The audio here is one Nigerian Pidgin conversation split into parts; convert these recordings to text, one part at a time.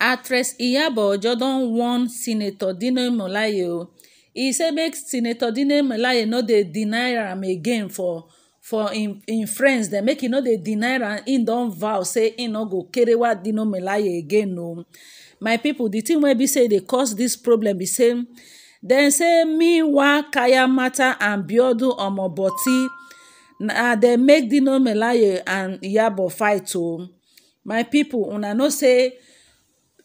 actress iyabo ojo don warn senator dino melaye o e say make senator dino melaye no dey deny am again for for im friends dem make e no dey deny am im don vow say im no go kerewa dino melaye again o my pipo di tin wey be say dey cause dis problem be say dem say meanwhile kaya mata and biodu omoboti na dem make dino melaye and iyabo fight o my pipo una know say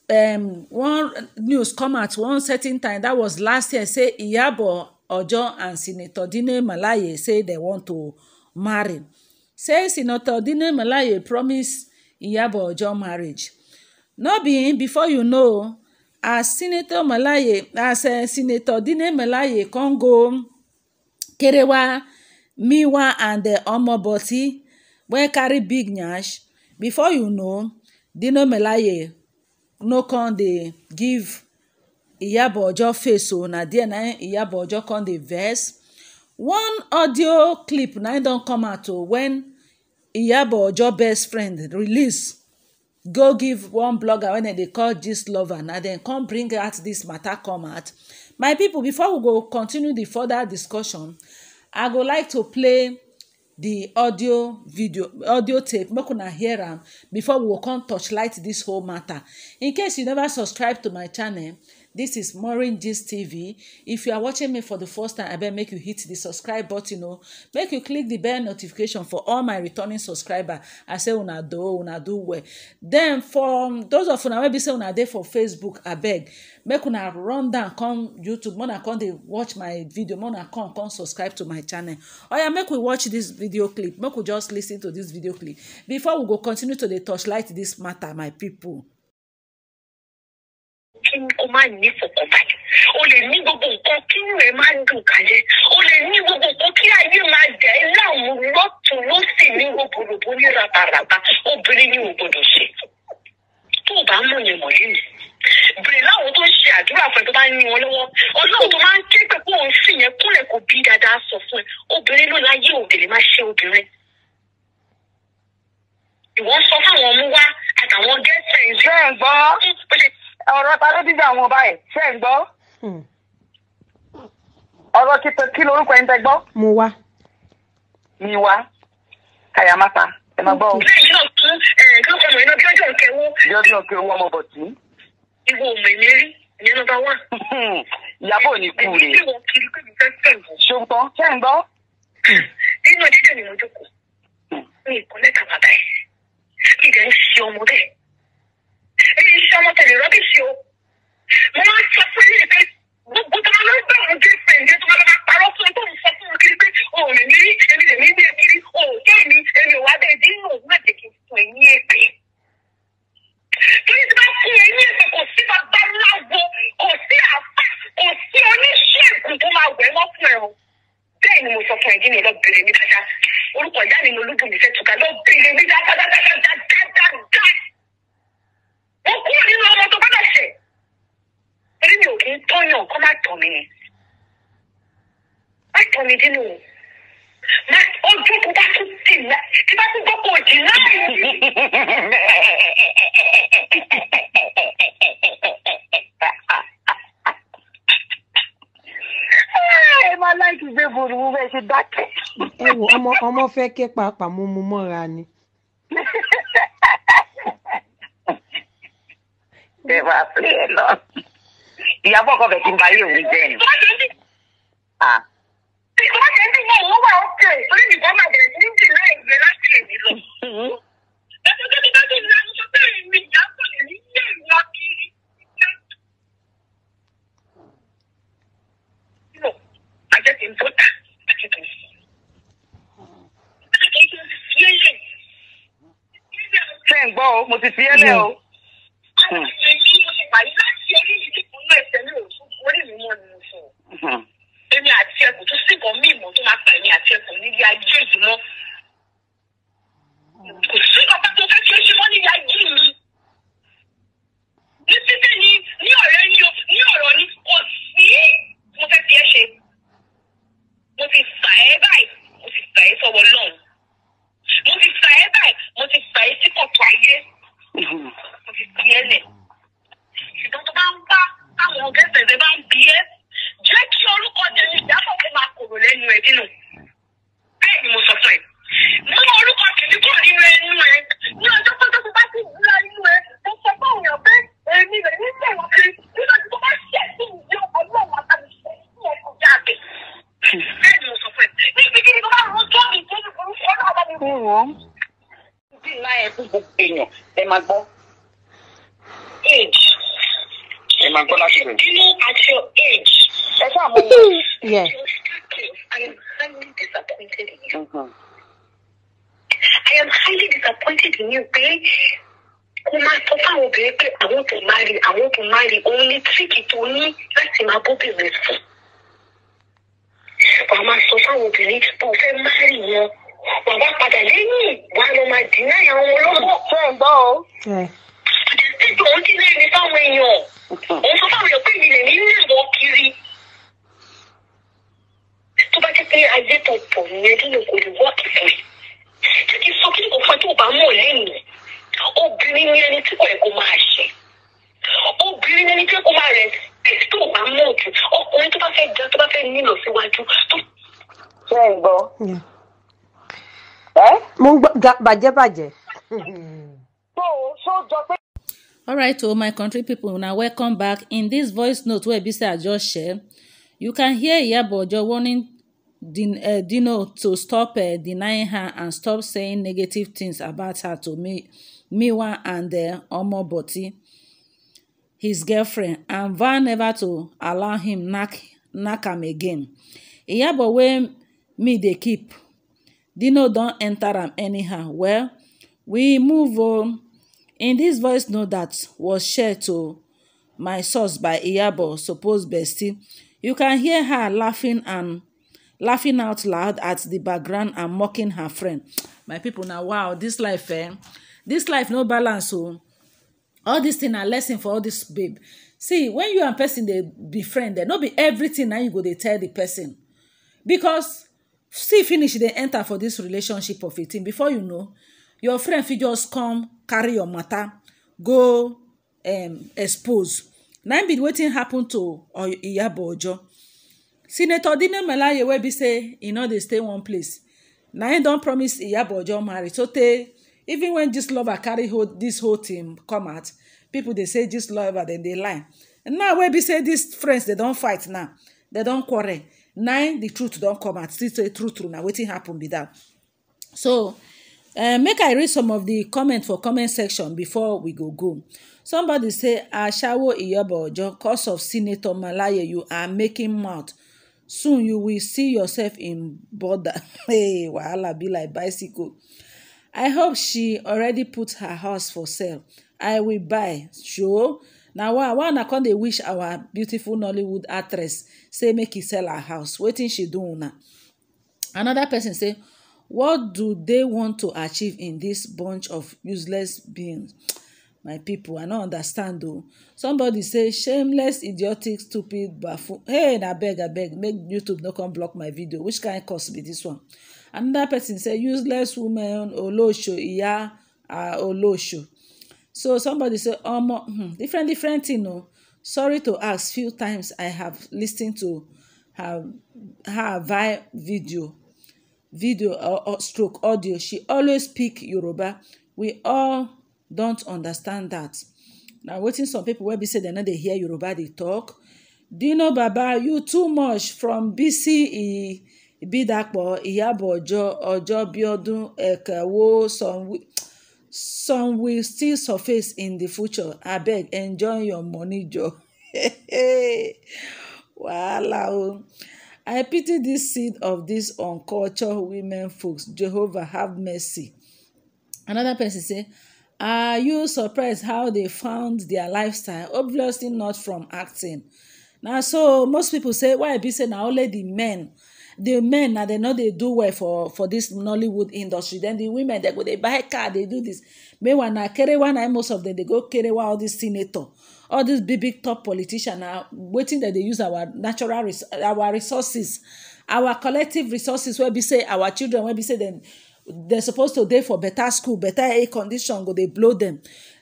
um, one news come at one certain time that was last year say Iyabo Ojo and Senator Dine Malaye say they want to marry say Senator Dine Malaye promise Iyabo Ojo marriage no be before you know as Senator Malaye, as uh, Senator Dine Malaye, come go Kerewa Miwa and uh, Omoboti wey carry big nyash before you know Dine Malaye no come dey give iyabo ojo face o na there na iyabo ojo come dey vex one audio clip na don come out o wen iyabo ojo best friend release go give one blogger wey dem dey call gist lover na dem come bring out this matter come out my people. before we go continue the further discussion i go like to play the audio video audio tape make una hear am before we go come torchlight this whole matter in case you never subscribe to my channel This is Maureen Gist TV. If you are watching me for the first time, I beg make you hit the subscribe button. Oh. Make you click the bell notification for all my returning subscribers. I say una do, una do well. Then for um, those of una wey be say una dey for Facebook, I beg make una run down come YouTube. More come dey watch my video. More una come come subscribe to my channel. Oh yeah, make we watch this video clip. Make we just listen to this video clip. Before we go continue to dey torchlight this matter, my people kí o má ní ìfọ̀kànbalẹ̀ o lè ní gbogbo nǹkan kí rẹ̀ má dùn kalẹ̀ o lè ní gbogbo nǹkan kí ayé máa jẹ́ láwọn lọ́tún lọ́sìn ní rògbòrògbò ní rabaraba obìnrin ni ò gbọdọ̀ ṣe tó o bá mọ̀ yẹn mọ̀ yìí bèrè láwọn tó ń ṣe àdúrà fún ẹ tó bá ní wọn lọ́wọ́ ọlọ́run tó máa ń ké pé kó o sì yẹn kúnlẹ̀ kó bí dáadáa sọ fún ẹ obìnrin ló láyé òdèlè má ṣe obìnrin ìwọ sọ fáwọn ọmú wá àtàwọn gẹ́sẹ̀ ìṣẹ́ ẹ̀ gbọ́ ọ̀rọ̀ ta ló díjà wọn báyìí ṣé ń gbọ́ hmm. ọ̀rọ̀ kí lorúkọ ẹni tẹ gbọ́. mo wá. mi wá kàyàmáta ẹ máa gbọ́ o. bẹ́ẹ̀ náà tún káfíń ọmọ iná jọjọ kẹwọ. jọjọ kẹwọ ọmọ bọ̀tí. ìwọ ọmọ èmi rí ìyẹn nọ́mbà wá. ìyàbọ̀ ò kú rè. ṣé ń gbọ́. nínú ìdíje ni mo jókòó hmm. mi ì kọ́ lẹ́tà bàbá ẹ̀ kí ìdẹ́ ń ṣe ọmọ bẹ́ẹ̀ èmi ń ṣe ọmọ tẹ̀lé rọ́bìṣì o mo máa ń sọ fún yín pé gbogbo tó máa ń gbà wọn dé fèǹdé tó máa máa parọ́ fún tó ń sọ fún mi kiri pé o ò ní rí èmi lè ní bí ekiri o ò jẹ́ mi èmi ò wá bẹ́ẹ̀ dín ní òun àti kì í sùn ẹ̀yìn èpè. torí tí bá fún ẹ̀yìn èpè kò sí bàbá láwo kò sí àpá kò sí oníṣègùn tó máa wẹ̀ wọ́n fún ẹ̀ o bẹ́ẹ̀ ni mo sọ fún ẹ̀yìn mi lọ bèrè mi dáadáa orúkọ ìyá mi ni olúbùnmi fẹ́ tuka lọ bèrè mi dáadáa ó kúrò nínú ọmọ tó gbọ́dọ̀ ṣẹ̀ torí mi ò kí ń tọ́yàn kó má tọ̀ mí má tọ̀ mí dínú má ojú tó bá tún tí bá tún gbọ́ kò jì náà yìí. ọmọ fẹ́ ké pàápàá mo mú mọ́ra ni. bẹ́ẹ̀ wá pé ẹ lọ. ìyàbọ̀ kan fẹ̀ kí n bá yé òun jẹ́ ni. ìgbà tẹ̀ ń dì mọ́ òun wà ókè torí nìkan máa bẹ̀rẹ̀ sí ní jì náà ìgbẹ́ láti lè mí lọ. dájúdájú dájú ni àwọn sọ́kẹ́ mi ìyá kò lè ní yé ìlọ kiri. àjẹ́ kì í tó tà àti kì í sùn. ṣé ń gbọ́ o mo ti fi ẹ́ lẹ́ o. Hmm. èmi àti ẹkùn tó sì kàn mí ìmọ̀ tó máa pa èmi àti ẹkùn nílé ayé yìí mọ́ kò sí ọba tó fẹ́ ṣe é ṣe kúrò. bí iná fún gbogbo èèyàn ẹ máa gbọ́. age. ẹ máa gbọ́ láti bẹ̀rẹ̀. ìdílé àti age. ẹ ṣáà mọ̀ mi. yes. I am highly disappointed in you. Mm-hmm. I am highly disappointed in you pé kó máa sọ fáwọn obìnrin pé àwọn tó máa rí àwọn tó máa rí òun ní tíríkì tó ní láti máa bóbìnrin fún. wàá máa sọ fáwọn obìnrin pé fẹ́ máa rí wọn bàbá padà lẹ́yìn wàá lọ máa dínà àwọn olóńgbò. ṣé ẹ gbọ́ o. títí òun ti lé ní fáwọn èèyàn òun sọ fáwọn èèyàn pé mi lè ní ìrìnàmọ́ kiri. tó bá jẹ́ pé ajé tó pọ̀ nìyẹn nínú kò lè wọ́ ìfún yìí. jẹ́ kí sọ kí ni kò fún tó bá mọ̀ lẹ́yìn obìnrin ni ẹni tí kò yẹ kó máa ṣe obìnrin ni ẹni tí kò máa rẹ̀ sí tó bá mọ̀ jù ọkùnrin tó bá fẹ́ jẹun tó bá fẹ́ nílò síwájú tó. ṣé ẹ gbọ́ mo ń gbọ́ bàjẹ́ bàjẹ́. alright o oh, my country people una welcome back in this voice note wey Ebisi Ajo share you can hear Iyabo Ojo warning Din, uh, Dino to stop uh, denying her and stop saying negative things about her to me, Miwa and uh, Omoboti, his girlfriend, and vow never to allow him knack, knack am again. Iyabo wey me dey keep dino don enter am anyhow well we move on oh. in this voice note that was shared to my source by iyabo suppose bestie you can hear her laughing and laughing out loud at the background and mocking her friend my people now wow this life eh this life no balance so. Oh. all this thing a lesson for all this babe see when you and person they befriend, friend eh, not be everything Now you go they tell the person because see finish dey enter for dis relationship of a thing before you know your friend fit just come carry your matter go um, expose na im be wetin happen to Iyabo Ojo senator Dino Melaye wey be say e no dey stay one place na im don promise Iyabo Ojo marry. so tey even when dis lover carry hold dis whole team come out people dey say dis lover dem dey lie now wey be say dis friends dey don fight now dem don quarrel nine the truth don come out still say true true na wetin happen be that so uh, make i read some of the comment for comment section before we go go somebody say asawo iyoba ojo cause of senator malaye you are making mouth soon you will see yourself in border hey wahala be like bicycle i hope she already put her house for sale i will buy sure na why na come they wish our beautiful nollywood actress say make he sell her house wetin she do una another person say what do they want to achieve in this bunch of useless beings my people? i don't understand o somebody say shameless idiotic stupid baffle hey I beg I beg. make youtube not come block my video which kain curse be this one another person say useless woman olosho iya uh, olosho so somebody say omo hmm, different different thing o sorry to ask few times i have listened to her her via video video or, or stroke audio she always speak yoruba we all don't understand that na wetin some people wey be say dem no dey hear yoruba dey talk dino baba you too much from bc ibidapo iyabo ojo ojo biodun ekawo some some will still surface in the future abeg enjoy your money joor wahala o i pity this seed of this uncultured women folks jehovah have mercy another person say are you surprised how they found their lifestyle obviously not from acting na so most people say why e be say na only the men the men na they know they do well for for this nollywood industry Then the women they go they buy car they do dis meanwhile carry one I most of them they go carry all these senator all these big big top politician are waiting that they use our natural our resources our collective resources Where we say our children where we say they're supposed to day for better school better air condition go they blow them.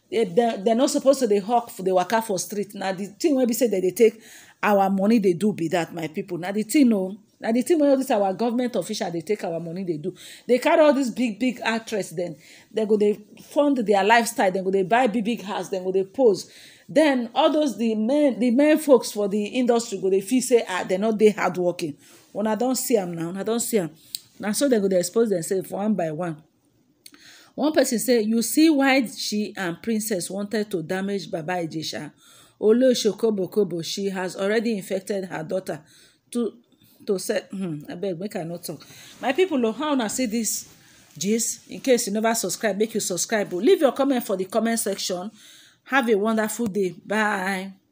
they are not supposed to they hawk the waka for street now the thing where we say that they take our money they do be that my people now the tin know oh. na the thing wey all this our government official dey take our money dey do dey carry all these big big actress dem dem go dey fund their lifestyle dem go dey buy big big house dem go dey pose then all those the men the men folks for the industry go dey feel say ah dem no dey hardworking una don see am now una don see am na so dem go dey expose themselves one by one one person say you see why she and princess wanted to damage baba ijesha olosokobokobo she has already infected her daughter to to sell hmm abeg make i no talk my people o oh, how una see this. gist in case you never subscribe make you subscribe leave your comment for the comment section have a wonderful day bye